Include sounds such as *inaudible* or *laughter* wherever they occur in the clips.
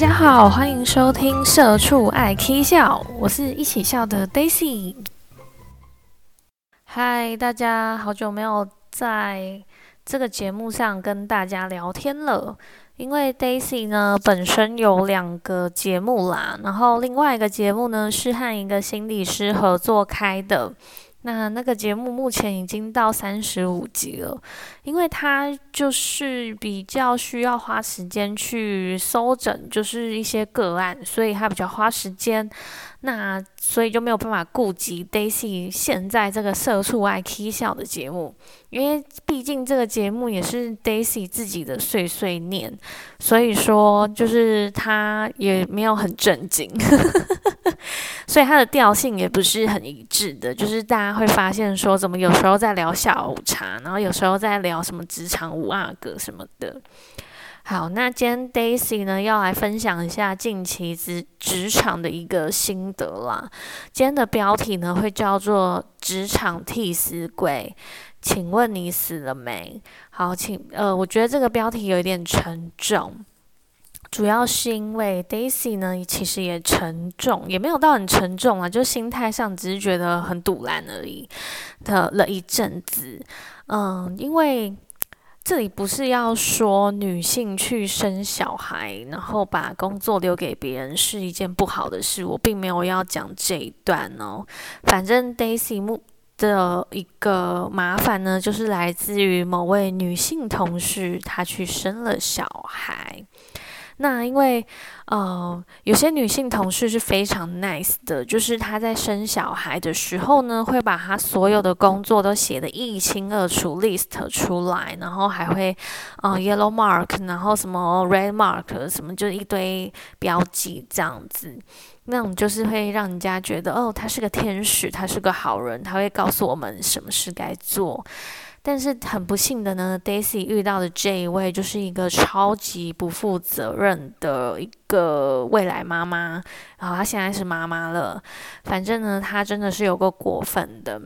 大家好，歡迎收聽《社畜愛 k 笑》，我是一起笑的 Daisy。嗨，大家，好久沒有在這個節目上跟大家聊天了，因為 Daisy 呢，本身有兩個節目啦，然後另外一個節目呢是和一個心理師合作開的。那那個節目目前已經到三十五集了，因為它就是比較需要花時間去搜整，就是一些個案，所以它比較花時間。那所以就沒有辦法顧及 Daisy 現在這個《社畜愛 Key 笑》的節目，因為畢竟這個節目也是 Daisy 自己的碎碎念，所以說就是他也沒有很正經，所以他的調性也不是很一致的，就是大家會發現說，怎麼有時候在聊下午茶，然後有時候在聊什麼職場五阿哥什麼的。好，那今天 Daisy 呢，要來分享一下近期職職場的一個心得啦。今天的標題呢會叫做《職場替死鬼》，請問你死了沒？好，請呃，我覺得這個標題有一點沉重，主要是因為 Daisy 呢其實也沉重，也沒有到很沉重啊，就心態上只是覺得很賭爛而已的了一陣子。嗯，因為。這裡不是要說女性去生小孩，然後把工作留給別人是一件不好的事，我並沒有要講這一段哦。反正 Daisy 的一個麻煩呢，就是來自於某位女性同事，她去生了小孩。那因為，呃，有些女性同事是非常 nice 的，就是她在生小孩的時候呢，會把她所有的工作都寫得一清二楚，list 出來，然後還會，呃，yellow mark，然後什麼 red mark，什麼就一堆標記這樣子，那種就是會讓人家覺得，哦，她是個天使，她是個好人，她會告訴我們什麼事該做。但是很不幸的呢，Daisy 遇到的這一位就是一個超級不負責任的一個未來媽媽，然後她現在是媽媽了，反正呢，她真的是有夠過分的，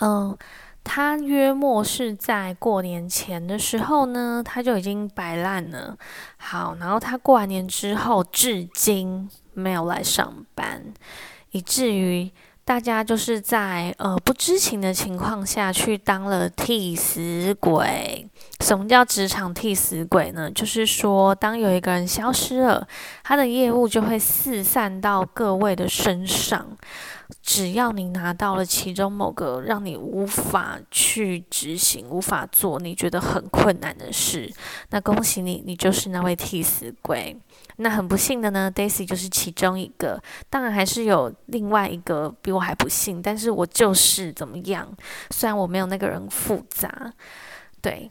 嗯，她約莫是在過年前的時候呢，她就已經擺爛了。好，然後她過完年之後，至今沒有來上班，以至於。大家就是在，呃，不知情的情況下去當了替死鬼。什麼叫職場替死鬼呢？就是說，當有一個人消失了，他的業務就會四散到各位的身上。只要你拿到了其中某個，讓你無法去執行、無法做，你覺得很困難的事，那恭喜你，你就是那位替死鬼。那很不幸的呢，Daisy 就是其中一個。當然，還是有另外一個比我還不幸，但是我就是怎麼樣，雖然我沒有那個人複雜，對。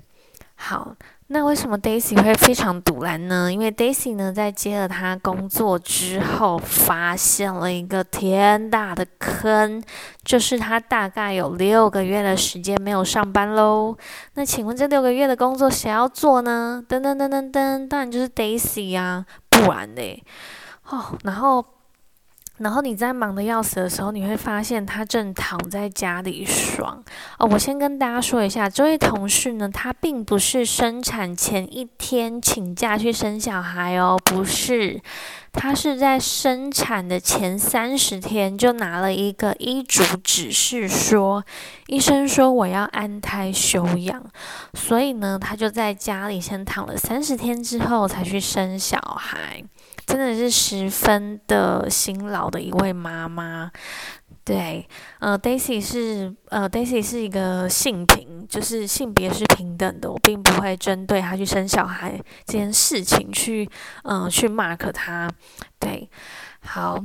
好，那為什麼 Daisy 會非常賭爛呢？因為 Daisy 呢，在接了他工作之後，發現了一個天大的坑，就是他大概有六個月的時間沒有上班嘍。那請問這六個月的工作誰要做呢？噔噔噔噔噔，當然就是 Daisy 啊，不然嘞、欸。哦，然後。然後你在忙得要死的時候，你會發現他正躺在家裡爽。哦，我先跟大家說一下，這位同事呢，他並不是生產前一天請假去生小孩哦，不是。她是在生產的前三十天就拿了一個醫囑指示說，說醫生說我要安胎休養，所以呢，她就在家裡先躺了三十天之後才去生小孩，真的是十分的辛勞的一位媽媽。對，呃，Daisy 是，呃，Daisy 是一個性平，就是性別是平等的，我並不會針對他去生小孩這件事情去，嗯、呃，去 mark 他。對，好，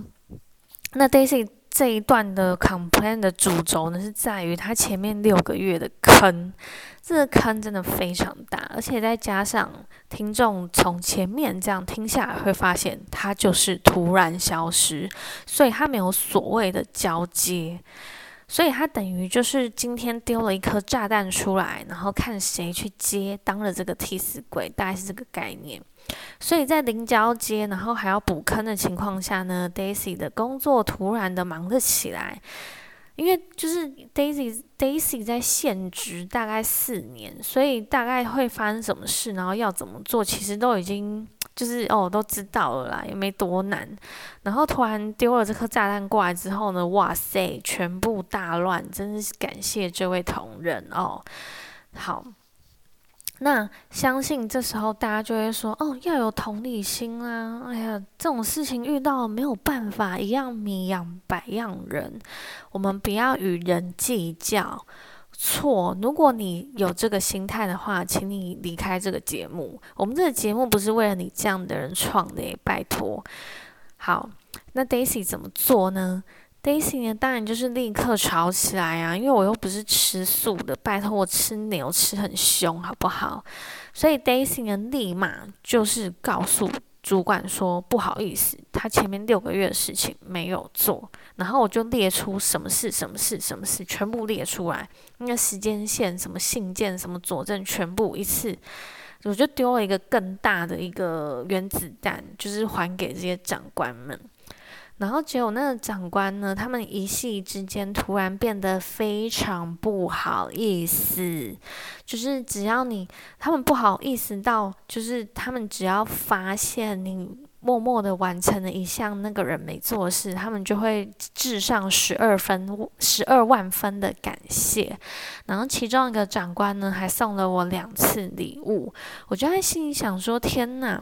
那 Daisy。這一段的 complain 的主軸呢，是在於它前面六個月的坑，這個坑真的非常大，而且再加上聽眾從前面這樣聽下來，會發現它就是突然消失，所以它沒有所謂的交接。所以他等於就是今天丟了一顆炸彈出來，然後看誰去接，當了這個替死鬼，大概是這個概念。所以在臨交接，然後還要補坑的情況下呢，Daisy 的工作突然的忙得起來，因為就是 Daisy Daisy 在現職大概四年，所以大概會發生什麼事，然後要怎麼做，其實都已經。就是哦，都知道了啦，也沒多難。然後突然丟了這顆炸彈過來之後呢，哇塞，全部大亂！真是感謝這位同仁哦。好，那相信這時候大家就會說：“哦，要有同理心啦。”哎呀，這種事情遇到沒有辦法，一樣米養百樣人，我們不要與人計較。錯，如果你有這個心態的話，請你離開這個節目。我們這個節目不是為了你這樣的人創的，拜託。好，那 Daisy 怎麼做呢？Daisy 呢，當然就是立刻吵起來啊！因為我又不是吃素的，拜託我吃牛吃很兇，好不好？所以 Daisy 呢，立馬就是告訴主管說：“不好意思，他前面六個月的事情沒有做。然後我就列出什麼事、什麼事、什麼事，全部列出來。那時間線、什麼信件、什麼佐證，全部一次，我就丟了一個更大的一個原子彈，就是還給這些長官們。”然後結果那個長官呢，他們一夕之間，突然變得非常不好意思，就是只要你他們不好意思到，就是他們只要發現你默默的完成了一項那個人沒做的事，他們就會致上十二分十二萬分的感謝。然後其中一個長官呢，還送了我兩次禮物，我就在心裡想說：天哪！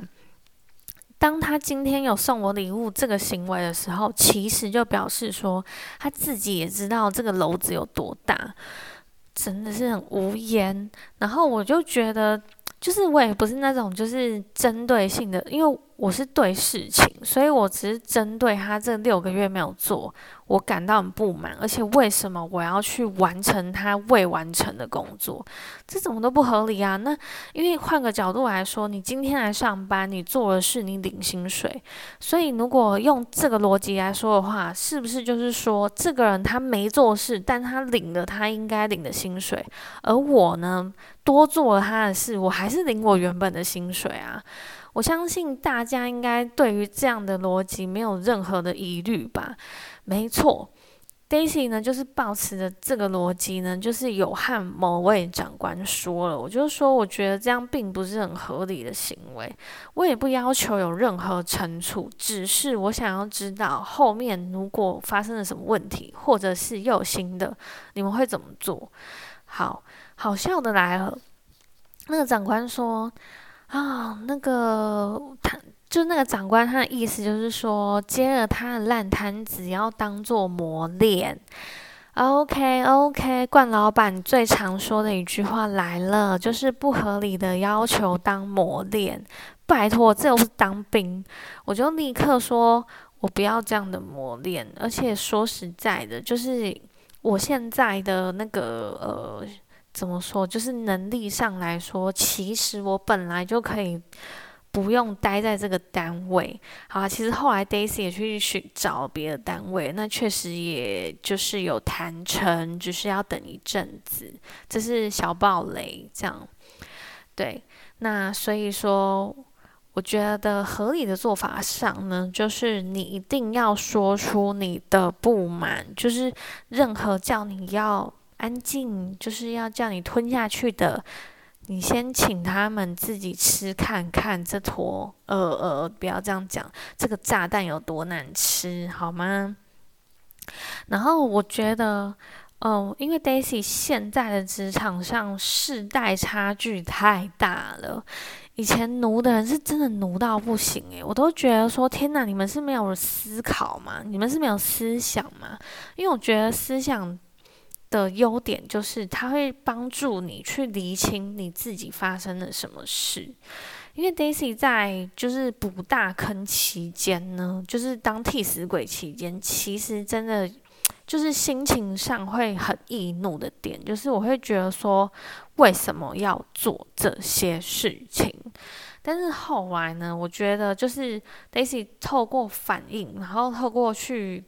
當他今天有送我禮物這個行為的時候，其實就表示說他自己也知道這個簍子有多大，真的是很無言。然後我就覺得，就是我也不是那種就是針對性的，因為。我是對事情，所以我只是針對他這六個月沒有做，我感到很不滿。而且為什麼我要去完成他未完成的工作？這怎麼都不合理啊！那因為換個角度來說，你今天來上班，你做的是你領薪水，所以如果用這個邏輯來說的話，是不是就是說這個人他沒做事，但他領了他應該領的薪水，而我呢，多做了他的事，我還是領我原本的薪水啊？我相信大家應該對於這樣的邏輯沒有任何的疑慮吧？沒錯，Daisy 呢就是抱持著這個邏輯呢，就是有和某位長官說了，我就說，我覺得這樣並不是很合理的行為，我也不要求有任何懲處，只是我想要知道後面如果發生了什麼問題，或者是又有新的，你們會怎麼做？好，好笑的來了，那個長官說。啊、哦，那個他就那個長官，他的意思就是說，接了他的爛攤子要當做磨練。OK，OK，okay, okay, 冠老闆最常說的一句話來了，就是不合理的要求當磨練。拜託，這又不是當兵，我就立刻說，我不要這樣的磨練。而且說實在的，就是我現在的那個呃。怎麼說？就是能力上來說，其實我本來就可以不用待在這個單位。好、啊，其實後來 Daisy 也去尋找別的單位，那確實也就是有談成，只，就是要等一陣子。這是小爆雷，這樣。對，那所以說，我覺得合理的做法上呢，就是你一定要說出你的不滿，就是任何叫你要。安靜，就是要叫你吞下去的。你先請他們自己吃看看，這坨……呃呃，不要這樣講，這個炸彈有多難吃，好嗎？然後我覺得，哦、呃，因為 Daisy 現在的職場上世代差距太大了。以前奴的人是真的奴到不行誒、欸。我都覺得說，天哪，你們是沒有思考嗎？你們是沒有思想嗎？因為我覺得思想。的優點就是他會幫助你去釐清你自己發生了什麼事，因為 Daisy 在就是補大坑期間呢，就是當替死鬼期間，其實真的就是心情上會很易怒的點，就是我會覺得說為什麼要做這些事情，但是後來呢，我覺得就是 Daisy 透過反應，然後透過去，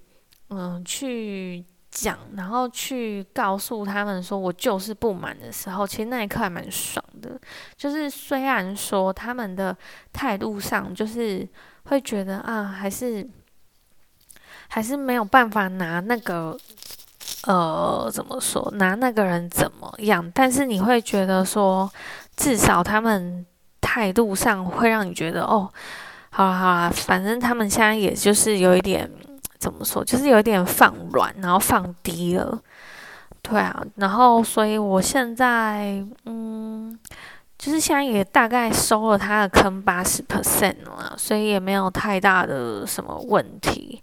嗯，去。講，然後去告訴他們說，我就是不滿的時候，其實那一刻還蠻爽的。就是雖然說他們的態度上，就是會覺得啊，還是還是沒有辦法拿那個呃，怎麼說，拿那個人怎麼樣？但是你會覺得說，至少他們態度上會讓你覺得，哦，好啊，好啊，反正他們現在也就是有一點。怎麼說，就是有點放軟，然後放低了，對啊，然後所以我現在，嗯，就是現在也大概收了他的坑八十 percent 了，所以也沒有太大的什麼問題，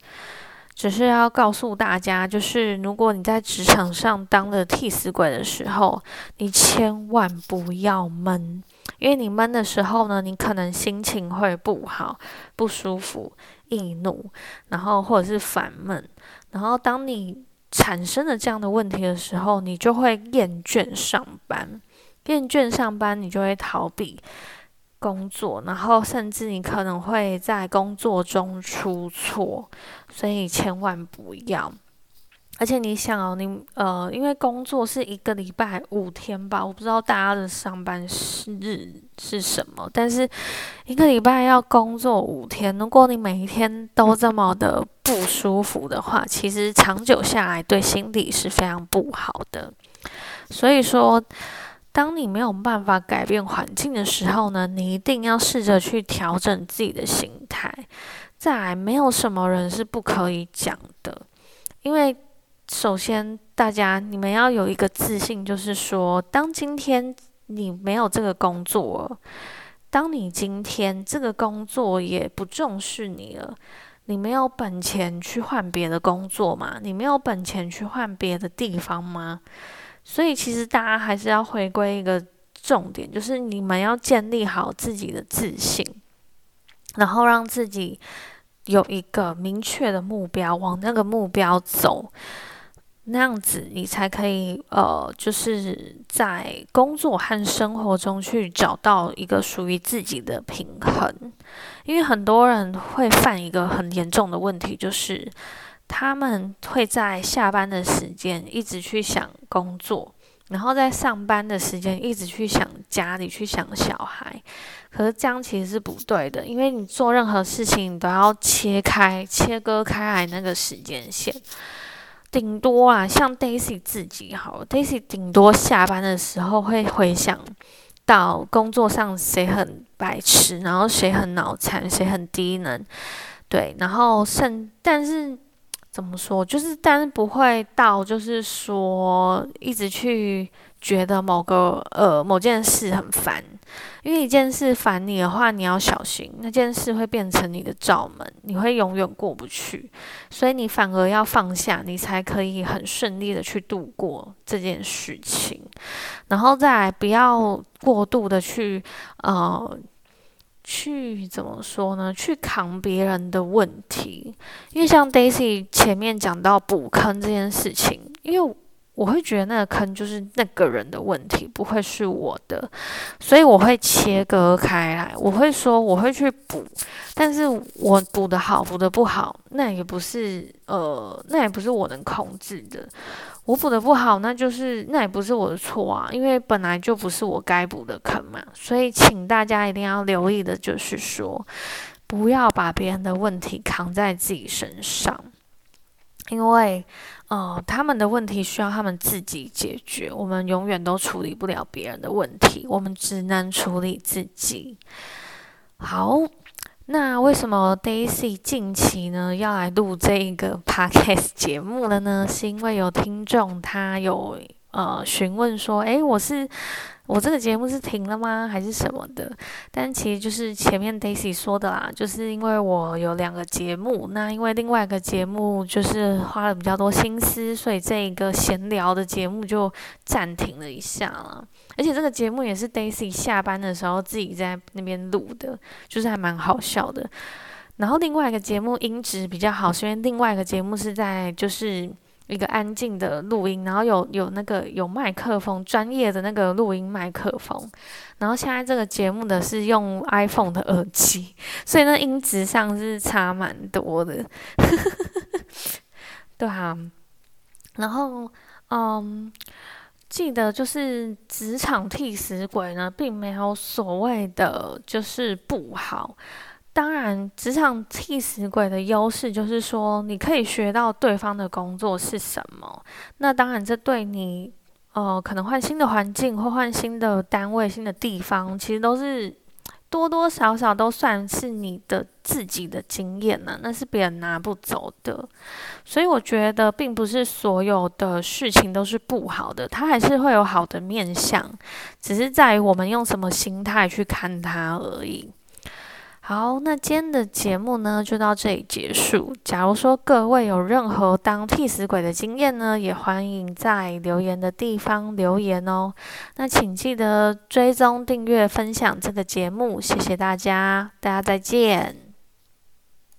只是要告訴大家，就是如果你在職場上當了替死鬼的時候，你千萬不要悶。因為你悶的時候呢，你可能心情會不好，不舒服，易怒，然後或者是煩悶。然後當你產生了這樣的問題的時候，你就會厭倦上班，厭倦上班，你就會逃避工作，然後甚至你可能會在工作中出錯。所以千萬不要。而且你想哦，你呃，因為工作是一個禮拜五天吧，我不知道大家的上班日是什麼，但是一個禮拜要工作五天，如果你每一天都這麼的不舒服的話，其實長久下來對心理是非常不好的。所以說，當你沒有辦法改變環境的時候呢，你一定要試着去調整自己的心態。再來，沒有什麼人是不可以講的，因為。首先，大家你們要有一個自信，就是說，當今天你沒有這個工作，當你今天這個工作也不重視你了，你沒有本錢去換別的工作嗎？你沒有本錢去換別的地方嗎？所以，其實大家還是要回歸一個重點，就是你們要建立好自己的自信，然後讓自己有一個明確的目標，往那個目標走。那樣子你才可以，呃，就是在工作和生活中去找到一個屬於自己的平衡。因為很多人會犯一個很嚴重的問題，就是他們會在下班的時間一直去想工作，然後在上班的時間一直去想家裡、去想小孩。可是這樣其實是不對的，因為你做任何事情，你都要切開、切割開來那個時間線。頂多啊，像 Daisy 自己好了，Daisy 頂多下班的時候會回想到工作上誰很白痴，然後誰很腦殘，誰很低能，對，然後甚，但是。怎麼說？就是，但不會到，就是說，一直去覺得某個呃某件事很煩，因為一件事煩你的話，你要小心，那件事會變成你的罩門，你會永遠過不去，所以你反而要放下，你才可以很順利的去度過這件事情，然後再來不要過度的去呃。去怎麼說呢？去扛別人的問題，因為像 Daisy 前面講到補坑這件事情，因為我會覺得那個坑就是那個人的問題，不會是我的，所以我會切割開來，我會說我會去補，但是我補得好，補得不好，那也不是呃，那也不是我能控制的。我補的不好，那就是那也不是我的錯啊，因為本來就不是我該補的坑嘛。所以，請大家一定要留意的，就是說，不要把別人的問題扛在自己身上，因為，呃，他們的問題需要他們自己解決，我們永遠都處理不了別人的問題，我們只能處理自己。好。那為什麼 Daisy 近期呢要來錄這一個 podcast 節目了呢？是因為有聽眾他有呃詢問說，哎、欸，我是。我這個節目是停了嗎？還是什麼的？但其實就是前面 Daisy 說的啦，就是因為我有兩個節目，那因為另外一個節目就是花了比較多心思，所以這一個閒聊的節目就暫停了一下啦。而且這個節目也是 Daisy 下班的時候自己在那邊錄的，就是還蠻好笑的。然後另外一個節目音質比較好，雖然另外一個節目是在就是。一個安靜的錄音，然後有有那個有麥克風，專業的那個錄音麥克風。然後現在這個節目的是用 iPhone 的耳機，所以呢音質上是差蠻多的。 *laughs* 對啊，然後嗯，記得就是職場替死鬼呢，並沒有所謂的就是不好。當然，職場替死鬼的優勢就是說，你可以學到對方的工作是什麼。那當然，這對你，呃，可能換新的環境，或換新的單位、新的地方，其實都是多多少少都算是你的自己的經驗呢。那是別人拿不走的。所以，我覺得並不是所有的事情都是不好的，它還是會有好的面向，只是在於我們用什麼心態去看它而已。好，那今天的節目呢，就到這裡結束。假如說各位有任何當替死鬼的經驗呢，也歡迎在留言的地方留言哦。那請記得追蹤、訂閱、分享這個節目。謝謝大家，大家再見。